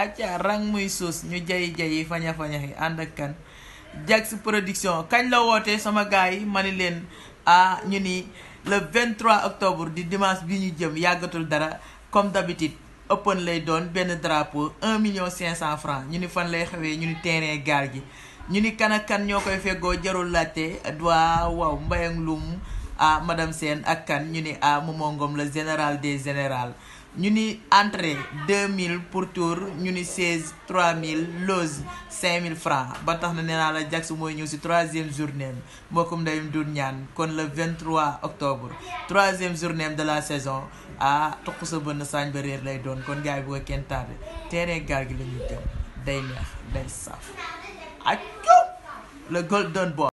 acca rang muy suus ñu jayi jayi faña fañaxi ànd ak kan Jax production kañ la wootee sama gars yi ma ni leen ah ñu ni le 23 octobre di dimanche bi ñu jëm yàggatul dara comme d'habitude open lay doon benn drapeau 1 million cent francs ñu ni fan lay xewee ñu ni terrain gaal gi ñu ni kan kan ñoo koy feggoo jarul laajte waa waaw mbayang lum ah madame Sène ak kan ñu ni ah Momo Ngom le général des généraux ñu ni entrée 2000 pour tour ñu ni 16 3000 loge mille francs ba tax na nee naa la Jax mooy ñëw si troisième journée mbokkum ndeyum dur ñaan kon le 23 octobre troisième journée de la saison ah tuq sa bënn saañ ba réer lay doon kon gars yi bu ko kenn tardé gaal gi la ñuy day neex day saf ak le golden boy